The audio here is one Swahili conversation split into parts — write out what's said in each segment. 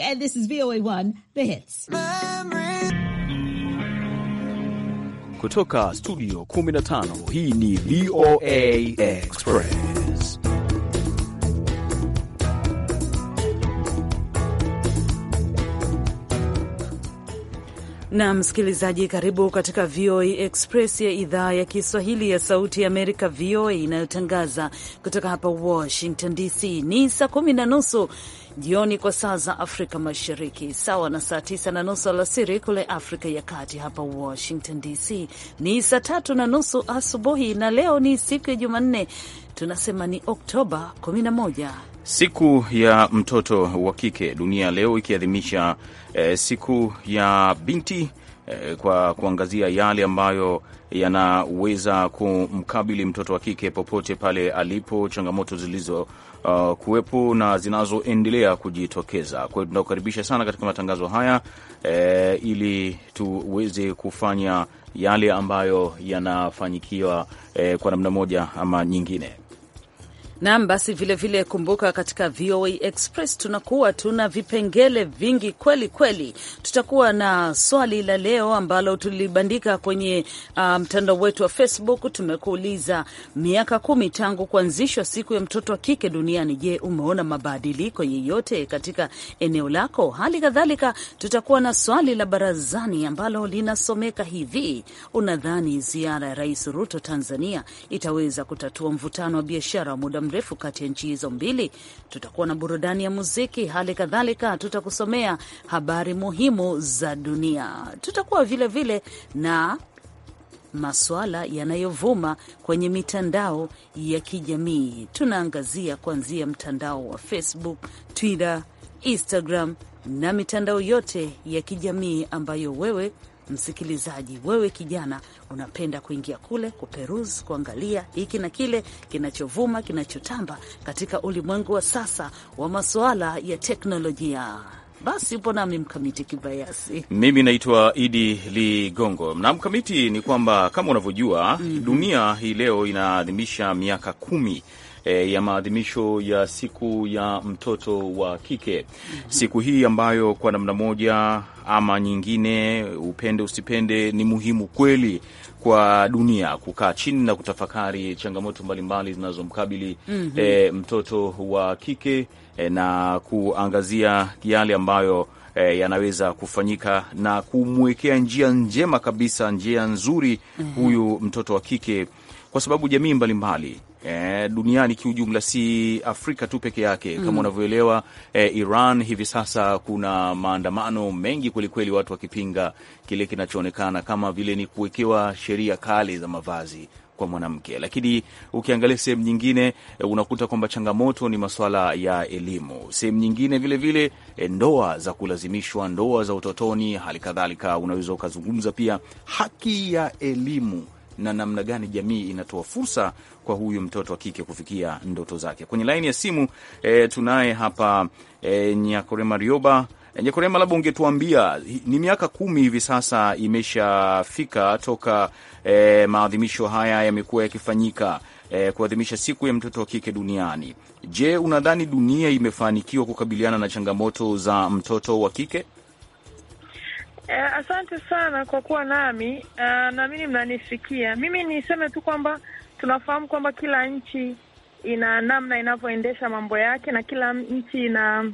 and this is VOA1 The Hits. Kutoka studio 15, hii ni VOA Express. na msikilizaji, karibu katika VOA Express ya idhaa ya Kiswahili ya Sauti ya Amerika, VOA inayotangaza kutoka hapa Washington DC. Ni saa kumi na nusu jioni kwa saa za Afrika Mashariki, sawa na saa tisa na nusu alasiri kule Afrika ya Kati. Hapa Washington DC ni saa tatu na nusu asubuhi, na leo ni siku ya Jumanne, tunasema ni Oktoba 11 siku ya mtoto wa kike dunia leo ikiadhimisha eh, siku ya binti eh, kwa kuangazia yale ambayo yanaweza kumkabili mtoto wa kike popote pale alipo, changamoto zilizo uh, kuwepo na zinazoendelea kujitokeza. Kwa hiyo tunakukaribisha sana katika matangazo haya e, ili tuweze kufanya yale ambayo yanafanyikiwa e, kwa namna moja ama nyingine. Nam, basi vilevile, kumbuka katika VOA Express tunakuwa tuna vipengele vingi kweli kweli. Tutakuwa na swali la leo ambalo tulibandika kwenye uh, mtandao um, wetu wa Facebook. Tumekuuliza, miaka kumi tangu kuanzishwa siku ya mtoto wa kike duniani, je, umeona mabadiliko yeyote katika eneo lako? Hali kadhalika tutakuwa na swali la barazani ambalo linasomeka hivi: unadhani ziara ya Rais Ruto Tanzania itaweza kutatua mvutano wa biashara wa muda mrefu kati ya nchi hizo mbili. Tutakuwa na burudani ya muziki, hali kadhalika tutakusomea habari muhimu za dunia. Tutakuwa vilevile vile na masuala yanayovuma kwenye mitandao ya kijamii. Tunaangazia kuanzia mtandao wa Facebook, Twitter, Instagram na mitandao yote ya kijamii ambayo wewe msikilizaji, wewe kijana, unapenda kuingia kule kuperuzi, kuangalia hiki na kile kinachovuma, kinachotamba katika ulimwengu wa sasa wa masuala ya teknolojia. Basi upo nami Mkamiti Kibayasi, mimi naitwa Idi Ligongo na Mkamiti, ni kwamba kama unavyojua mm -hmm. dunia hii leo inaadhimisha miaka kumi e, ya maadhimisho ya siku ya mtoto wa kike, siku hii ambayo kwa namna moja ama nyingine, upende usipende, ni muhimu kweli kwa dunia kukaa chini na kutafakari changamoto mbalimbali zinazomkabili mm -hmm. e, mtoto wa kike e, na kuangazia yale ambayo e, yanaweza kufanyika na kumwekea njia njema kabisa, njia nzuri mm -hmm. huyu mtoto wa kike, kwa sababu jamii mbalimbali mbali eh, duniani kiujumla, si Afrika tu peke yake mm. Kama unavyoelewa eh, Iran hivi sasa kuna maandamano mengi kwelikweli, watu wakipinga kile kinachoonekana kama vile ni kuwekewa sheria kali za mavazi kwa mwanamke, lakini ukiangalia sehemu nyingine eh, unakuta kwamba changamoto ni masuala ya elimu, sehemu nyingine vilevile eh, ndoa za kulazimishwa, ndoa za utotoni, hali kadhalika unaweza ukazungumza pia haki ya elimu na namna gani jamii inatoa fursa kwa huyu mtoto wa kike kufikia ndoto zake. Kwenye laini ya simu e, tunaye hapa e, Nyakorema Rioba. Eh, Nyakorema, labda ungetuambia ni miaka kumi hivi sasa imeshafika toka e, maadhimisho haya yamekuwa yakifanyika e, kuadhimisha siku ya mtoto wa kike duniani. Je, unadhani dunia imefanikiwa kukabiliana na changamoto za mtoto wa kike? Eh, asante sana kwa kuwa nami. Uh, eh, naamini mnanisikia. Mimi niseme tu kwamba tunafahamu kwamba kila nchi ina namna inavyoendesha mambo yake na kila nchi ina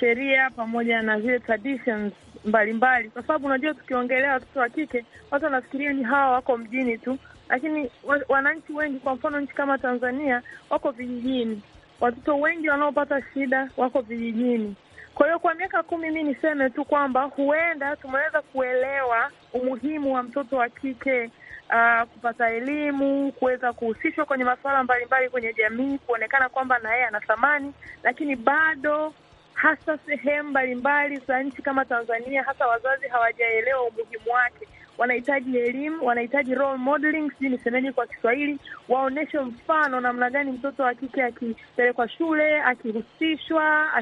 sheria pamoja na zile traditions mbalimbali, kwa sababu unajua, tukiongelea watoto wa kike watu wanafikiria ni hawa wako mjini tu, lakini wananchi wengi, kwa mfano nchi kama Tanzania, wako vijijini. Watoto wengi wanaopata shida wako vijijini. Kwa hiyo kwa miaka kumi, mi niseme tu kwamba huenda tumeweza kuelewa umuhimu wa mtoto wa kike uh, kupata elimu, kuweza kuhusishwa kwenye masuala mbalimbali kwenye jamii, kuonekana kwamba na yeye ana thamani, lakini bado hasa sehemu mbalimbali za nchi kama Tanzania, hasa wazazi hawajaelewa umuhimu wake wanahitaji elimu, wanahitaji role modeling, sijui nisemeje kwa Kiswahili, waonyeshe mfano namna gani mtoto wa kike akipelekwa shule, akihusishwa,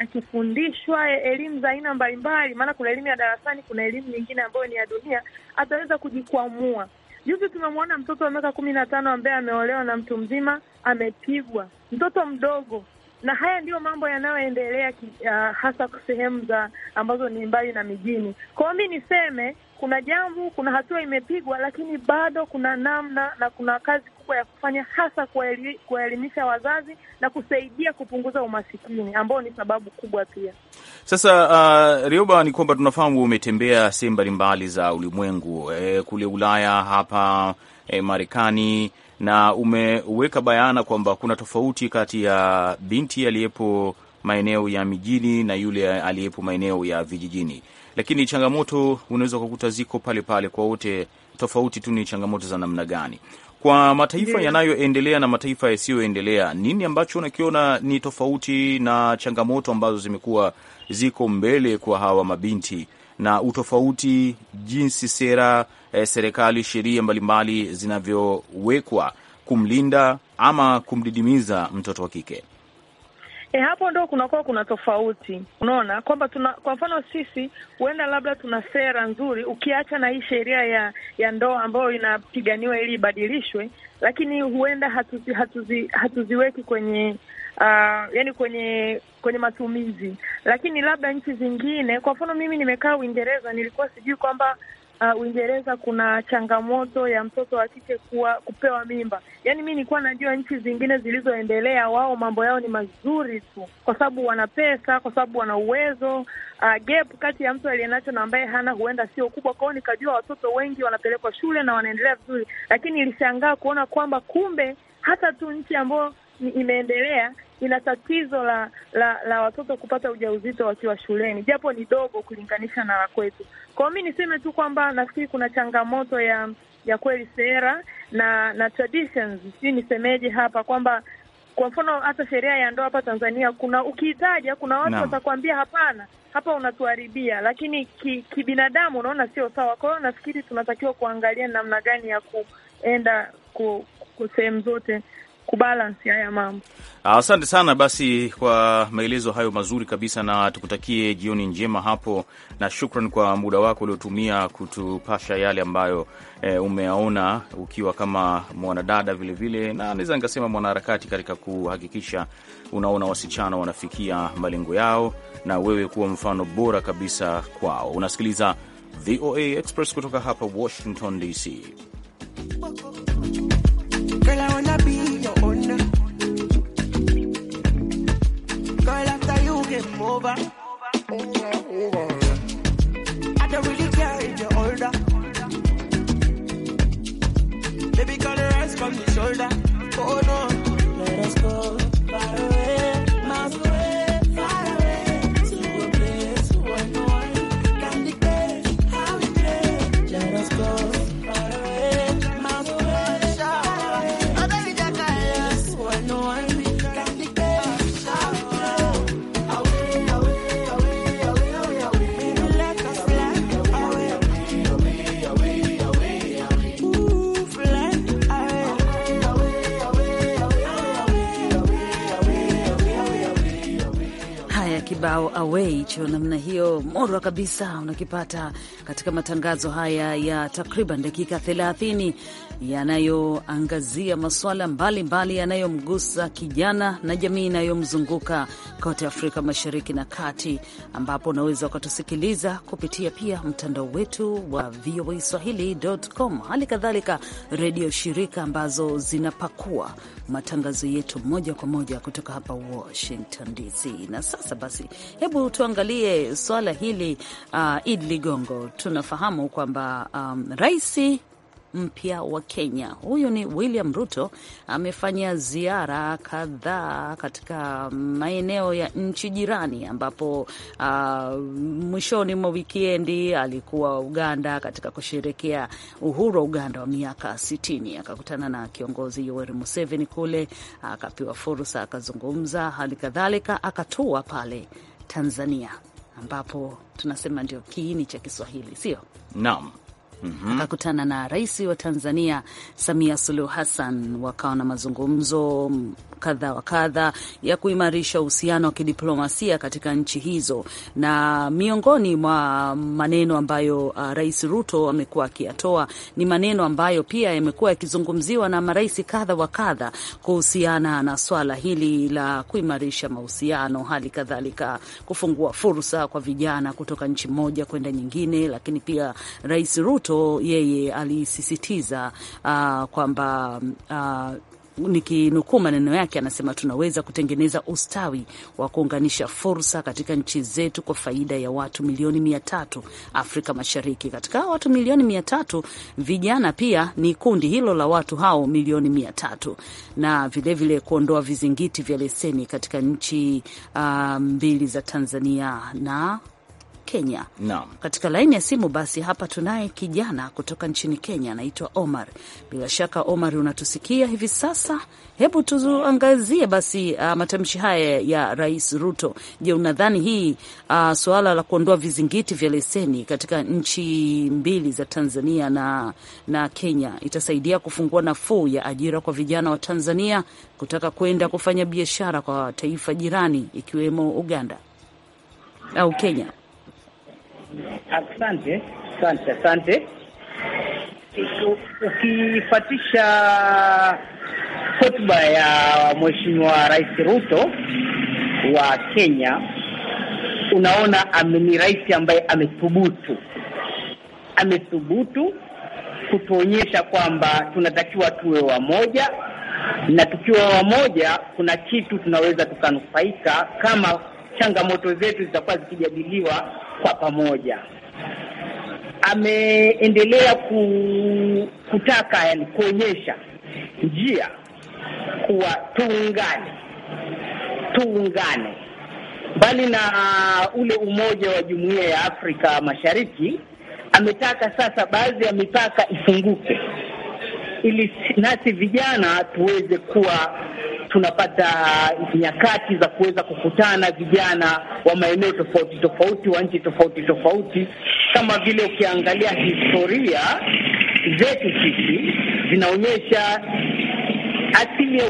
akifundishwa aki, aki e, elimu za aina mbalimbali, maana kuna elimu ya darasani, kuna elimu nyingine ambayo ni ya dunia, ataweza kujikwamua. Juzi tumemwona mtoto wa miaka kumi na tano ambaye ameolewa na mtu mzima, amepigwa, mtoto mdogo na haya ndiyo mambo yanayoendelea uh, hasa sehemu za ambazo ni mbali na mijini. Kwa hiyo mi niseme kuna jambo, kuna hatua imepigwa, lakini bado kuna namna na kuna kazi kubwa ya kufanya, hasa kuwaelimisha wazazi na kusaidia kupunguza umasikini ambao ni sababu kubwa pia. Sasa uh, Rioba, ni kwamba tunafahamu umetembea sehemu mbalimbali za ulimwengu e, kule Ulaya hapa e, Marekani na umeweka bayana kwamba kuna tofauti kati ya binti aliyepo maeneo ya mijini na yule aliyepo maeneo ya vijijini lakini changamoto unaweza kukuta ziko pale pale kwa wote, tofauti tu ni changamoto za namna gani kwa mataifa yanayoendelea na mataifa yasiyoendelea, nini ambacho unakiona ni tofauti na changamoto ambazo zimekuwa ziko mbele kwa hawa mabinti na utofauti jinsi sera eh, serikali, sheria mbalimbali zinavyowekwa kumlinda ama kumdidimiza mtoto wa kike? E, hapo ndo kunakuwa kuna tofauti, unaona kwamba tuna, kwa mfano sisi huenda labda tuna sera nzuri, ukiacha na hii sheria ya ya ndoa ambayo inapiganiwa ili ibadilishwe, lakini huenda hatuzi, hatuzi, hatuziweki kwenye uh, yani kwenye kwenye matumizi, lakini labda nchi zingine, kwa mfano mimi nimekaa Uingereza, nilikuwa sijui kwamba uh, Uingereza kuna changamoto ya mtoto wa kike kuwa kupewa mimba. Yaani mi nilikuwa najua nchi zingine zilizoendelea, wao mambo yao ni mazuri tu, kwa sababu wana pesa, kwa sababu wana uwezo. Uh, gap kati ya mtu aliyenacho na ambaye hana huenda sio kubwa kwao. Nikajua watoto wengi wanapelekwa shule na wanaendelea vizuri, lakini ilishangaa kuona kwamba kumbe hata tu nchi ambayo imeendelea ina tatizo la, la la watoto kupata ujauzito wakiwa shuleni, japo ni dogo kulinganisha na la kwetu. Kwa hiyo mi niseme tu kwamba nafikiri kuna changamoto ya ya kweli sera na na traditions, nisemeje hapa kwamba kwa mfano hata sheria ya ndoa hapa Tanzania kuna ukihitaja, kuna watu watakuambia hapana, hapa unatuharibia, lakini kibinadamu ki unaona sio sawa. Kwa hiyo nafikiri tunatakiwa kuangalia namna gani ya kuenda ku, ku sehemu zote kubalansi haya mambo. Asante sana basi kwa maelezo hayo mazuri kabisa, na tukutakie jioni njema hapo, na shukran kwa muda wako uliotumia kutupasha yale ambayo e, eh, umeaona ukiwa kama mwanadada vilevile, na naweza nikasema mwanaharakati katika kuhakikisha unaona wasichana wanafikia malengo yao na wewe kuwa mfano bora kabisa kwao. Unasikiliza VOA Express kutoka hapa Washington DC. over. Over, over. I don't really care if you're older. Baby, call your eyes from the shoulder. Oh no, let us go. kibao away cho namna hiyo morwa kabisa, unakipata katika matangazo haya ya takriban dakika yanayoangazia masuala mbalimbali yanayomgusa kijana na jamii inayomzunguka kote Afrika Mashariki na Kati, ambapo unaweza ukatusikiliza kupitia pia mtandao wetu wa VOA Swahili.com, hali kadhalika redio shirika ambazo zinapakua matangazo yetu moja kwa moja kutoka hapa Washington DC. Na sasa basi, hebu tuangalie swala hili uh, Id Ligongo, tunafahamu kwamba um, raisi mpya wa Kenya. Huyu ni William Ruto, amefanya ziara kadhaa katika maeneo ya nchi jirani, ambapo uh, mwishoni mwa wikiendi alikuwa Uganda katika kusherekea uhuru wa Uganda wa miaka sitini. Akakutana na kiongozi Yoweri Museveni kule, akapewa fursa akazungumza. Hali kadhalika akatua pale Tanzania ambapo tunasema ndio kiini cha Kiswahili, sio? Naam mm -hmm. akakutana na rais wa Tanzania Samia Suluhu Hassan, wakawa na mazungumzo kadha wa kadha ya kuimarisha uhusiano wa kidiplomasia katika nchi hizo, na miongoni mwa maneno ambayo uh, Rais Ruto amekuwa akiyatoa ni maneno ambayo pia yamekuwa yakizungumziwa na marais kadha wa kadha kuhusiana na swala hili la kuimarisha mahusiano, hali kadhalika kufungua fursa kwa vijana kutoka nchi moja kwenda nyingine, lakini pia Rais Ruto Ruto yeye alisisitiza uh, kwamba uh, nikinukuu maneno yake anasema, tunaweza kutengeneza ustawi wa kuunganisha fursa katika nchi zetu kwa faida ya watu milioni mia tatu Afrika Mashariki. Katika watu milioni mia tatu vijana pia ni kundi hilo la watu hao milioni mia tatu na vilevile kuondoa vizingiti vya leseni katika nchi uh, mbili za Tanzania na Kenya. Naam. Katika laini ya simu basi hapa tunaye kijana kutoka nchini Kenya anaitwa Omar. Bila shaka Omar, unatusikia hivi sasa? Hebu tuangazie basi uh, matamshi haya ya Rais Ruto. Je, unadhani hii uh, suala la kuondoa vizingiti vya leseni katika nchi mbili za Tanzania na, na Kenya itasaidia kufungua nafuu ya ajira kwa vijana wa Tanzania kutaka kwenda kufanya biashara kwa taifa jirani ikiwemo Uganda au Kenya? Asante, asante, asante. Ukifatisha hotuba ya Mheshimiwa Rais Ruto wa Kenya, unaona ni rais ambaye amethubutu, amethubutu kutuonyesha kwamba tunatakiwa tuwe wamoja, na tukiwa wamoja kuna kitu tunaweza tukanufaika, kama changamoto zetu zitakuwa zikijadiliwa kwa pamoja. Ameendelea kutaka yani, kuonyesha njia kuwa tuungane, tuungane mbali na ule umoja wa jumuiya ya Afrika Mashariki. Ametaka sasa baadhi ya mipaka ifunguke ili nasi vijana tuweze kuwa tunapata nyakati za kuweza kukutana vijana wa maeneo tofauti tofauti wa nchi tofauti tofauti. Kama vile ukiangalia historia zetu sisi zinaonyesha asili ya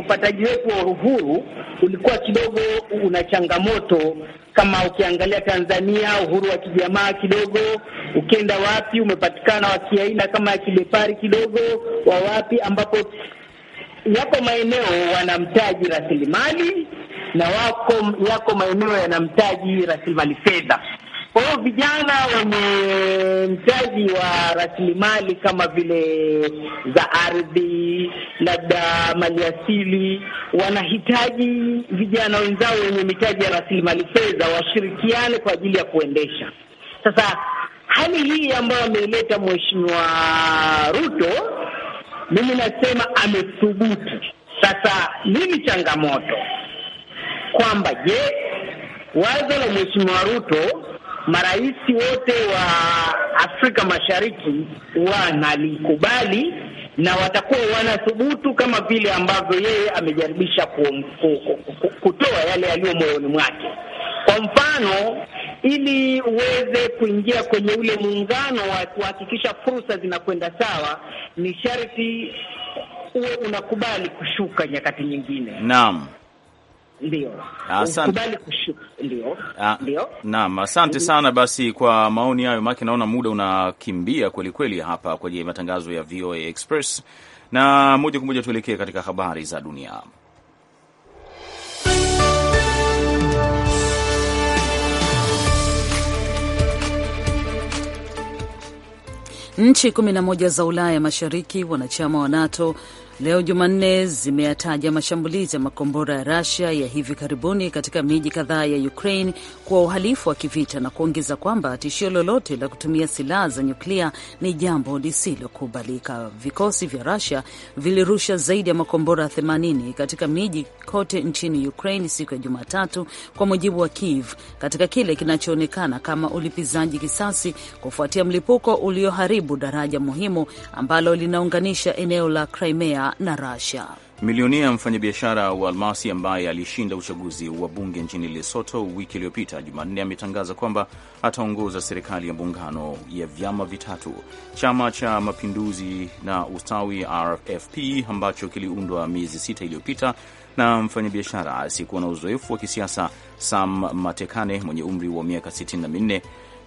upataji wetu wa uhuru ulikuwa kidogo una changamoto. Kama ukiangalia Tanzania, uhuru wa kijamaa kidogo, ukienda wapi umepatikana wa kiaina kama ya kibepari kidogo, wa wapi ambapo yako maeneo wanamtaji rasilimali na wako yako maeneo yanamtaji rasilimali fedha. Kwa hiyo vijana wenye mtaji wa rasilimali kama vile za ardhi, labda maliasili, wanahitaji vijana wenzao wenye mitaji ya rasilimali fedha washirikiane kwa ajili ya kuendesha. Sasa hali hii ambayo ameileta Mheshimiwa Ruto mimi nasema amethubutu. Sasa nini changamoto? Kwamba je, wazo la mheshimiwa Ruto, marais wote wa Afrika Mashariki wanalikubali na watakuwa wanathubutu kama vile ambavyo yeye amejaribisha kutoa yale yaliyo moyoni mwake. Kwa mfano ili uweze kuingia kwenye ule muungano wa kuhakikisha fursa zinakwenda sawa, ni sharti uwe unakubali kushuka nyakati nyingine. Naam. Ndio. Asante. Ah, Ndio. Naam, asante mm-hmm. sana basi kwa maoni hayo, maake naona muda unakimbia kweli kweli hapa kwenye matangazo ya VOA Express, na moja kwa moja tuelekee katika habari za dunia. Nchi 11 za Ulaya Mashariki wanachama wa NATO leo Jumanne zimeyataja mashambulizi ya makombora ya rasia ya hivi karibuni katika miji kadhaa ya Ukraine kuwa uhalifu wa kivita na kuongeza kwamba tishio lolote la kutumia silaha za nyuklia ni jambo lisilokubalika. Vikosi vya rasia vilirusha zaidi ya makombora 80 katika miji kote nchini Ukraine siku ya Jumatatu, kwa mujibu wa Kiev, katika kile kinachoonekana kama ulipizaji kisasi kufuatia mlipuko ulioharibu daraja muhimu ambalo linaunganisha eneo la Crimea na Russia. Milionia mfanyabiashara wa almasi ambaye alishinda uchaguzi wa bunge nchini Lesotho wiki iliyopita Jumanne ametangaza kwamba ataongoza serikali ya muungano ya vyama vitatu. Chama cha Mapinduzi na Ustawi RFP ambacho kiliundwa miezi sita iliyopita na mfanyabiashara asiyekuwa na uzoefu wa kisiasa Sam Matekane mwenye umri wa miaka 64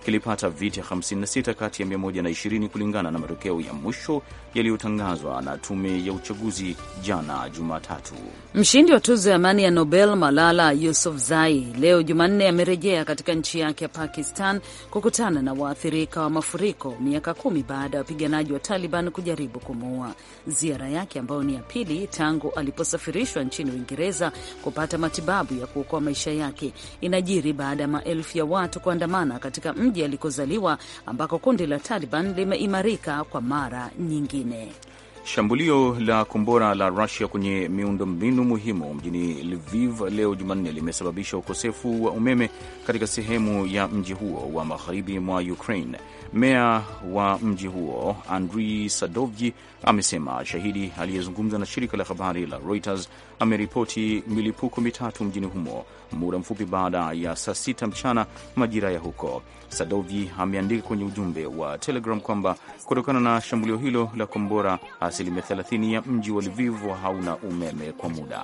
kilipata viti 56 kati ya 120 kulingana na matokeo ya mwisho yaliyotangazwa na tume ya uchaguzi jana Jumatatu. Mshindi wa tuzo ya amani ya Nobel Malala Yousafzai leo Jumanne amerejea katika nchi yake ya Pakistan kukutana na waathirika wa mafuriko miaka kumi baada ya wapiganaji wa Taliban kujaribu kumuua. Ziara yake ambayo ni ya pili tangu aliposafirishwa nchini Uingereza kupata matibabu ya kuokoa maisha yake inajiri baada ya maelfu ya watu kuandamana katika mji mji alikozaliwa ambako kundi la Taliban limeimarika kwa mara nyingine. Shambulio la kombora la Rusia kwenye miundombinu muhimu mjini Lviv leo Jumanne limesababisha ukosefu wa umeme katika sehemu ya mji huo wa magharibi mwa Ukraine. Meya wa mji huo andri Sadovji amesema shahidi aliyezungumza na shirika la habari la Reuters ameripoti milipuko mitatu mjini humo muda mfupi baada ya saa sita mchana majira ya huko. Sadovji ameandika kwenye ujumbe wa Telegram kwamba kutokana na shambulio hilo la kombora asilimia 30 ya mji wa Lviv hauna umeme kwa muda.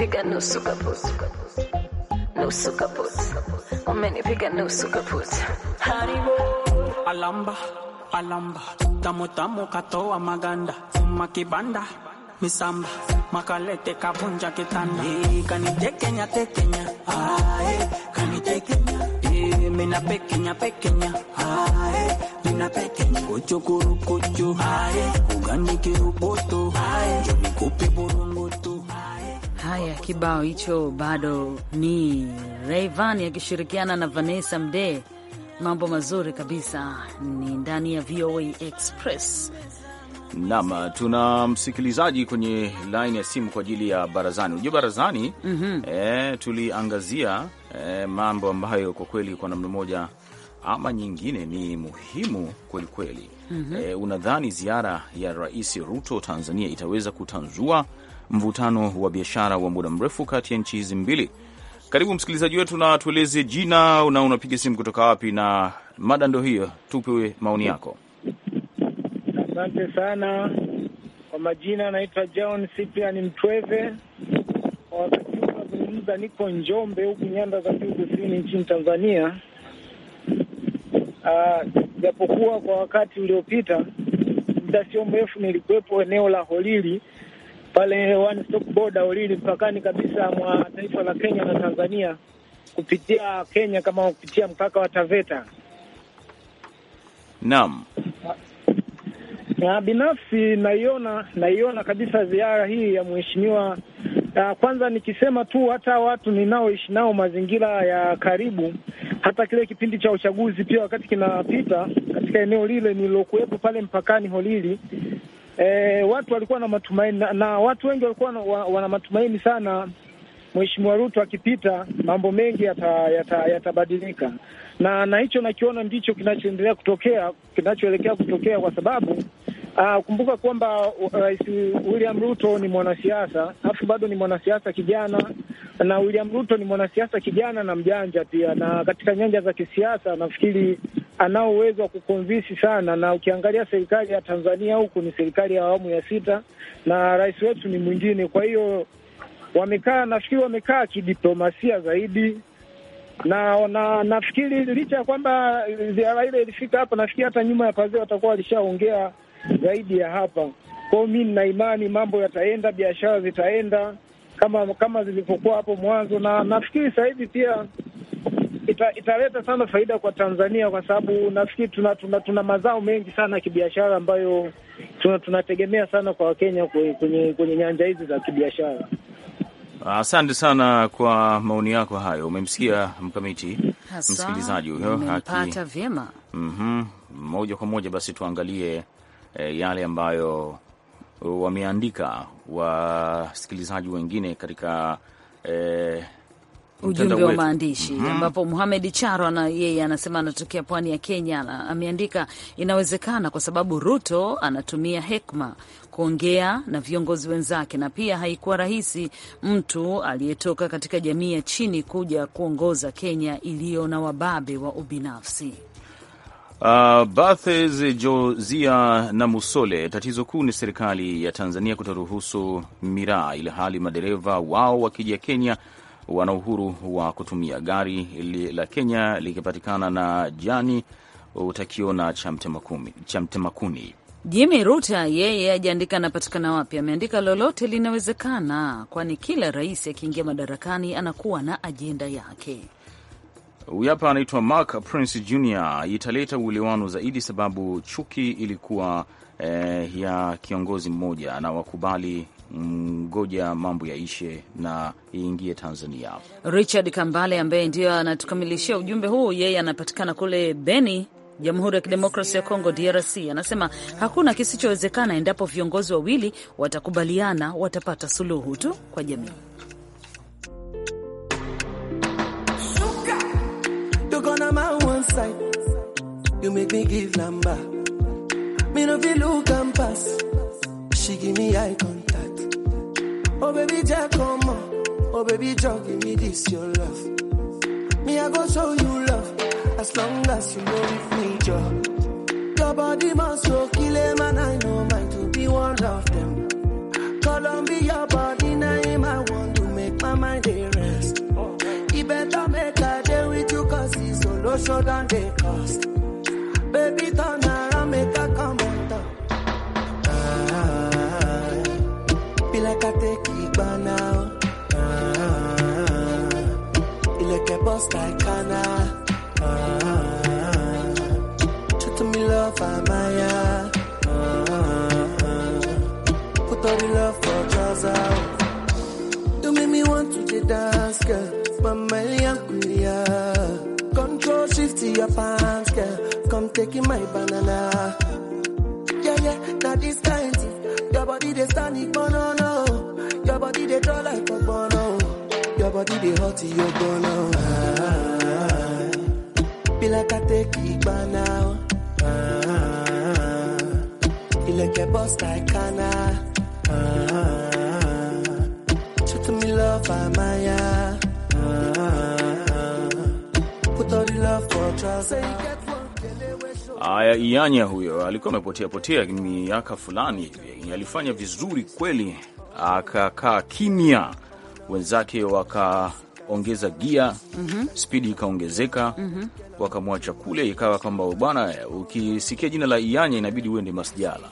Umenipiga nusu kapusi, nusu kapusi, umenipiga nusu kapusi. Haribo alamba alamba, tamu tamu katoa maganda, fuma kibanda misamba, makalete kavunja kitanda, kanite kanitekenya tekenya, kanitekenya mina pekenya pekenya, mina pekenya kuchukurukuchu ugani kiruboto jomikupe burungu Haya, kibao hicho bado ni Rayvan akishirikiana na Vanessa Mdee, mambo mazuri kabisa, ni ndani ya VOA Express. Naam, tuna msikilizaji kwenye laini ya simu kwa ajili ya barazani. Unajua barazani, mm -hmm. E, tuliangazia e, mambo ambayo kwa kweli kwa namna moja ama nyingine ni muhimu kwelikweli Mm -hmm. E, eh, unadhani ziara ya Rais Ruto Tanzania itaweza kutanzua mvutano wa biashara wa muda mrefu kati ya nchi hizi mbili. Karibu msikilizaji wetu, na tueleze jina na unapiga simu kutoka wapi, na mada ndo hiyo, tupe maoni yako. Asante sana kwa majina, anaitwa John Cyprian Mtweve. Kwa wakati huu nazungumza, niko Njombe huku nyanda za juu kusini nchini Tanzania. Ah, japokuwa kwa wakati uliopita, muda sio mrefu, nilikuwepo eneo la Holili pale one stop border ulili mpakani kabisa mwa taifa la Kenya na Tanzania, kupitia Kenya kama kupitia mpaka wa Taveta. Naam, na binafsi naiona naiona kabisa ziara hii ya mheshimiwa Uh, kwanza nikisema tu hata watu ninaoishi nao mazingira ya karibu, hata kile kipindi cha uchaguzi pia wakati kinapita katika eneo lile nililokuwepo pale mpakani Holili, E, watu walikuwa na matumaini na, na watu wengi walikuwa na, wana matumaini sana Mheshimiwa Ruto akipita mambo mengi yatabadilika, yata, yata na na hicho nakiona ndicho kinachoendelea kutokea kinachoelekea kutokea kwa sababu Uh, kumbuka kwamba uh, Rais William Ruto ni mwanasiasa alafu bado ni mwanasiasa kijana, na William Ruto ni mwanasiasa kijana na mjanja pia, na katika nyanja za kisiasa nafikiri anao uwezo wa kukonvinsi sana, na ukiangalia serikali ya Tanzania huku ni serikali ya awamu ya sita na rais wetu ni mwingine. Kwa hiyo wamekaa, nafikiri wamekaa kidiplomasia zaidi na na nafikiri licha ya kwamba ziara ile ilifika hapa, nafikiri hata nyuma ya pazia watakuwa walishaongea zaidi ya hapa. Kwao mi nina imani mambo yataenda, biashara zitaenda kama kama zilivyokuwa hapo mwanzo, na nafikiri sasa hivi pia ita, italeta sana faida kwa Tanzania kwa sababu nafikiri tuna, tuna, tuna mazao mengi sana ya kibiashara ambayo tuna, tunategemea sana kwa Wakenya kwenye, kwenye nyanja hizi za kibiashara. Asante sana kwa maoni yako hayo. Umemsikia mkamiti msikilizaji huyo akipata vyema mm -hmm. Moja kwa moja basi tuangalie e, yale ambayo wameandika wasikilizaji wengine katika e, ujumbe wa maandishi mm -hmm. ambapo Muhamed Charo na yeye anasema anatokea pwani ya Kenya na ameandika, inawezekana kwa sababu Ruto anatumia hekma kuongea na viongozi wenzake, na pia haikuwa rahisi mtu aliyetoka katika jamii ya chini kuja kuongoza Kenya iliyo na wababe wa ubinafsi. Uh, Bathes Josia na Musole, tatizo kuu ni serikali ya Tanzania kutoruhusu miraa, ilhali hali madereva wao wakija Kenya wana uhuru wa kutumia. Gari la Kenya likipatikana na jani utakiona cha mtemakuni. Jimmy Ruta yeye ajaandika anapatikana wapi, ameandika lolote linawezekana, kwani kila rais akiingia madarakani anakuwa na ajenda yake. Huyu hapa anaitwa Mark Prince Jr. italeta uelewano zaidi, sababu chuki ilikuwa eh, ya kiongozi mmoja na wakubali ngoja mambo yaishe na iingie Tanzania. Richard Kambale ambaye ndiyo anatukamilishia ujumbe huu, yeye anapatikana kule Beni, Jamhuri ya Kidemokrasia ya Kongo, DRC, anasema hakuna kisichowezekana endapo viongozi wawili watakubaliana, watapata suluhu tu kwa jamii. Shuka, Oh baby, just come on. Oh baby, just give me this your love. Me I go show you love as long as you know with me, yo. Your body must so kill him and I know mine to be one of them. Colombia body name I want to make my mind a rest. He better make a day with you cause he's solo show than they cost. Baby turn around make a kate kibana ah, ileke boss taikana ah, treat me love amaya ah, put all the love for trouser you make me want to dance girl mama Kuya. control shift to your pants girl come taking my banana yeah yeah that is kind of your body they stand it banana dey hot you're gonna ah, be like a take it by now you like a boss like kana ah, show to me love I'm Maya ah, put all the love for trust Aya Iyanya huyo alikuwa amepotea potea miaka fulani hivi, alifanya vizuri kweli, akakaa kimya wenzake wakaongeza gia mm -hmm. spidi ikaongezeka mm -hmm. wakamwacha kule, ikawa kwamba oh, bwana, ukisikia jina la Iyanya inabidi uende masjala.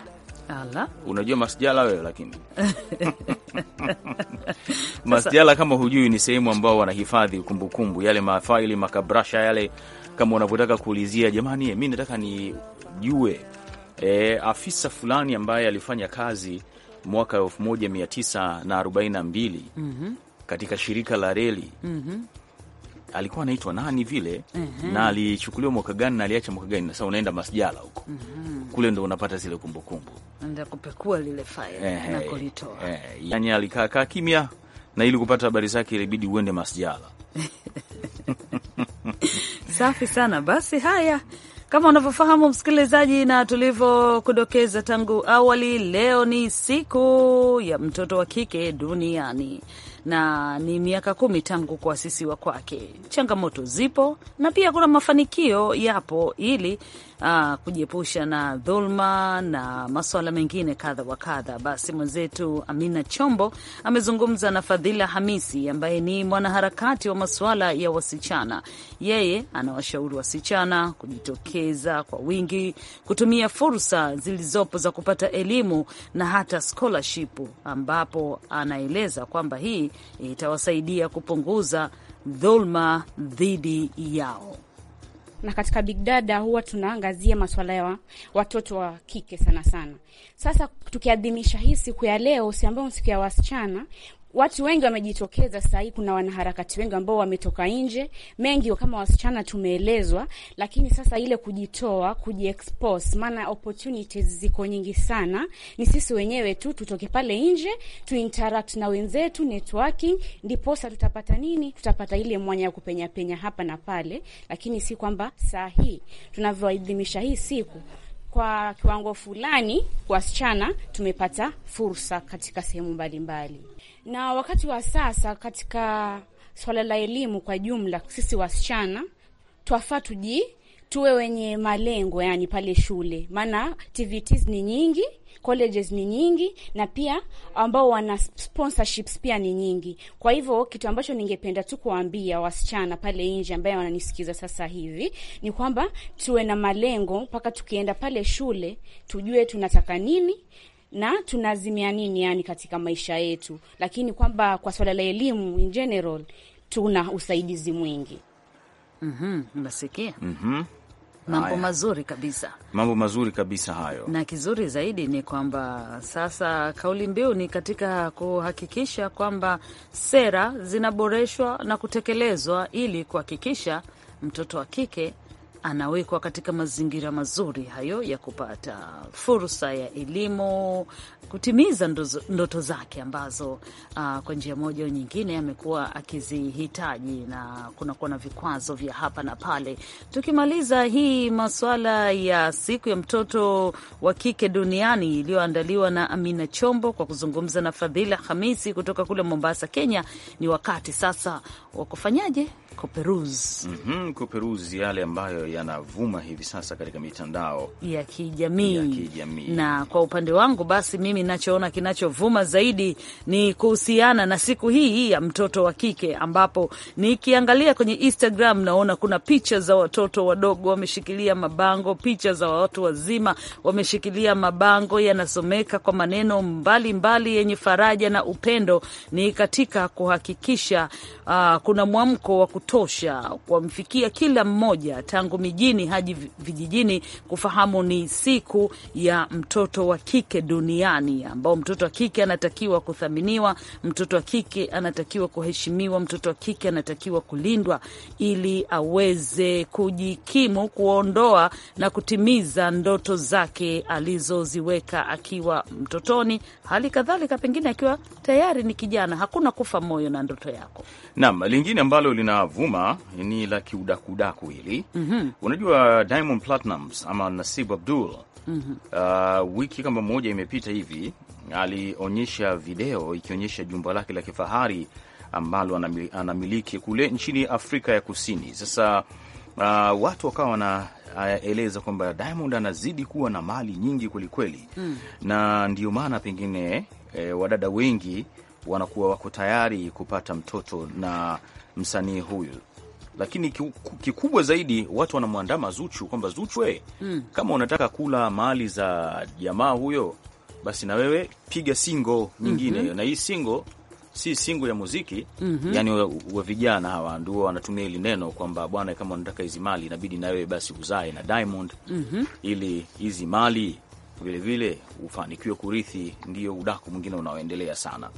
Ala. Unajua masjala wewe lakini masjala kama hujui, ni sehemu ambao wanahifadhi kumbukumbu, yale mafaili makabrasha yale, kama unavyotaka kuulizia, jamani, mi nataka nijue e, afisa fulani ambaye alifanya kazi mwaka 1942 mm -hmm katika shirika la reli mm -hmm alikuwa anaitwa nani vile mm -hmm. na alichukuliwa mwaka gani na aliacha mwaka gani? Sasa unaenda masjala huko mm -hmm. kule ndo unapata zile kumbukumbu, enda kupekua lile faili eh, na kulitoa eh, yani alikaa kaa kimya, na ili kupata habari zake ilibidi uende masjala safi sana. Basi haya kama unavyofahamu msikilizaji, na tulivyokudokeza tangu awali, leo ni siku ya mtoto wa kike duniani, na ni miaka kumi tangu kuasisiwa kwake. Changamoto zipo na pia kuna mafanikio yapo, ili uh, kujiepusha na dhulma na masuala mengine kadha wa kadha. Basi mwenzetu Amina Chombo amezungumza na Fadhila Hamisi ambaye ni mwanaharakati wa masuala ya wasichana. Yeye anawashauri wasichana kujitokeza kwa wingi, kutumia fursa zilizopo za kupata elimu na hata scholarship, ambapo anaeleza kwamba hii itawasaidia kupunguza dhulma dhidi yao. Na katika Big Dada huwa tunaangazia masuala ya watoto wa kike sana sana. Sasa tukiadhimisha hii siku ya leo, si ambayo siku ya wasichana, watu wengi wamejitokeza sasa hivi. Kuna wanaharakati wengi ambao wametoka nje, mengi kama wasichana tumeelezwa, lakini sasa ile kujitoa, kujiexpose, maana opportunities ziko nyingi sana. Ni sisi wenyewe tu tutoke pale nje, tuinteract na wenzetu, networking, ndipo sasa tutapata nini? Tutapata ile mwanya ya kupenya penya hapa na pale, lakini si kwamba saa hii tunavyoadhimisha hii siku kwa kiwango fulani wasichana tumepata fursa katika sehemu mbalimbali. Na wakati wa sasa katika swala la elimu kwa jumla, sisi wasichana twafaa tuji tuwe wenye malengo yani pale shule, maana TVTs ni nyingi, colleges ni nyingi, na pia ambao wana sponsorships pia ni nyingi. Kwa hivyo kitu ambacho ningependa tu kuwaambia wasichana pale nje ambaye wananisikiza sasa hivi ni kwamba tuwe na malengo mpaka tukienda pale shule, tujue tunataka nini na tunazimia nini yani katika maisha yetu, lakini kwamba kwa swala la elimu in general tuna usaidizi mwingi. Mm -hmm, mm -hmm. Mambo mazuri kabisa, mambo mazuri kabisa hayo. Na kizuri zaidi ni kwamba sasa kauli mbiu ni katika kuhakikisha kwamba sera zinaboreshwa na kutekelezwa ili kuhakikisha mtoto wa kike anawekwa katika mazingira mazuri hayo ya kupata fursa ya elimu, kutimiza ndoto zake ambazo uh, kwa njia moja au nyingine amekuwa akizihitaji, na kunakuwa na vikwazo vya hapa na pale. Tukimaliza hii masuala ya siku ya mtoto wa kike duniani iliyoandaliwa na Amina Chombo kwa kuzungumza na Fadhila Hamisi kutoka kule Mombasa, Kenya, ni wakati sasa wa kufanyaje Kuperuzi. mm -hmm, yale ambayo yanavuma hivi sasa katika mitandao ya kijamii ya kijamii. Na kwa upande wangu basi, mimi nachoona kinachovuma zaidi ni kuhusiana na siku hii hii ya mtoto wa kike, ambapo nikiangalia kwenye Instagram naona kuna picha za watoto wadogo wameshikilia mabango, picha za watu wazima wameshikilia mabango yanasomeka kwa maneno mbalimbali mbali yenye faraja na upendo. Ni katika kuhakikisha uh, kuna mwamko wa kutosha kwa mfikia kila mmoja tangu mijini hadi vijijini kufahamu ni siku ya mtoto wa kike duniani, ambao mtoto wa kike anatakiwa kuthaminiwa, mtoto wa kike anatakiwa kuheshimiwa, mtoto wa kike anatakiwa kulindwa ili aweze kujikimu, kuondoa na kutimiza ndoto zake alizoziweka akiwa mtotoni, hali kadhalika pengine akiwa tayari ni kijana. Hakuna kufa moyo na ndoto yako. Naam, lingine ambalo linavuma ni la kiudakudaku hili mm -hmm. Unajua Diamond Platnumz ama Nasib Abdul mm -hmm. uh, wiki kama moja imepita hivi alionyesha video ikionyesha jumba lake la kifahari ambalo anamiliki kule nchini Afrika ya Kusini. Sasa uh, watu wakawa wanaeleza uh, kwamba Diamond anazidi kuwa na mali nyingi kwelikweli mm. na ndio maana pengine e, wadada wengi wanakuwa wako tayari kupata mtoto na msanii huyu lakini kikubwa zaidi watu wanamwandama Zuchu kwamba Zuchwe, eh, mm. kama unataka kula mali za jamaa huyo, basi na wewe piga singo nyingine. mm -hmm. na hii singo si singo ya muziki mm -hmm. Yani wa vijana hawa ndio wanatumia hili neno kwamba bwana, kama unataka hizi mali inabidi na wewe basi uzae na Diamond mm -hmm. ili hizi mali vilevile ufanikiwe kurithi. Ndio udaku mwingine unaoendelea sana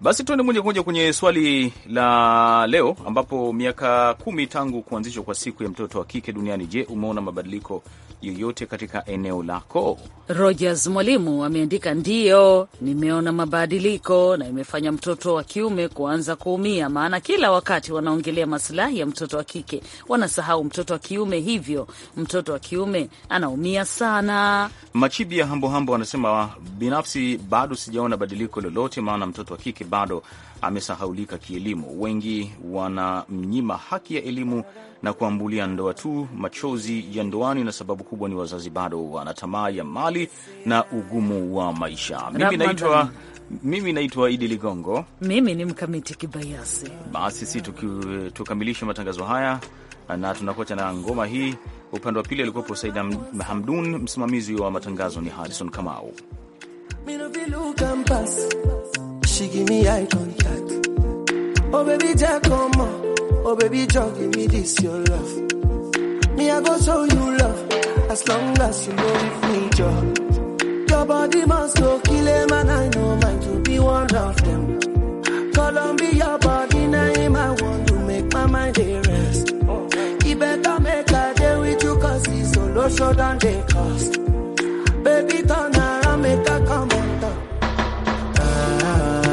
basi tuende moja kwa moja kwenye swali la leo, ambapo miaka kumi tangu kuanzishwa kwa siku ya mtoto wa kike duniani. Je, umeona mabadiliko yoyote katika eneo lako? Rogers Mwalimu ameandika ndiyo, nimeona mabadiliko na imefanya mtoto wa kiume kuanza kuumia, maana kila wakati wanaongelea masilahi ya mtoto wa kike, wanasahau mtoto wa kiume, hivyo mtoto wa kiume anaumia sana. Machibi ya hambohambo anasema binafsi, bado sijaona badiliko lolote, maana mtoto wa kike bado amesahaulika kielimu. Wengi wanamnyima haki ya elimu na kuambulia ndoa tu machozi ya ndoani, na sababu kubwa ni wazazi bado wana tamaa ya mali na ugumu wa maisha. Mimi naitwa mimi naitwa Idi Ligongo. Mimi ni Mkamiti Kibayasi. Basi si tukamilishe matangazo haya na tunakocha na ngoma hii. Upande wa pili alikuwepo Saida Hamdun, msimamizi wa matangazo ni harison Kamau. She give me eye contact. Oh baby, just come on. Oh baby, just give me this your love. Me I go show you love as long as you know with me, your your body must go kill him, and I know mine to be one of them. Colombia body him I want to make my mind a rest. He better make a day with you, cause he's solo short and they cost. Baby, turn around, make a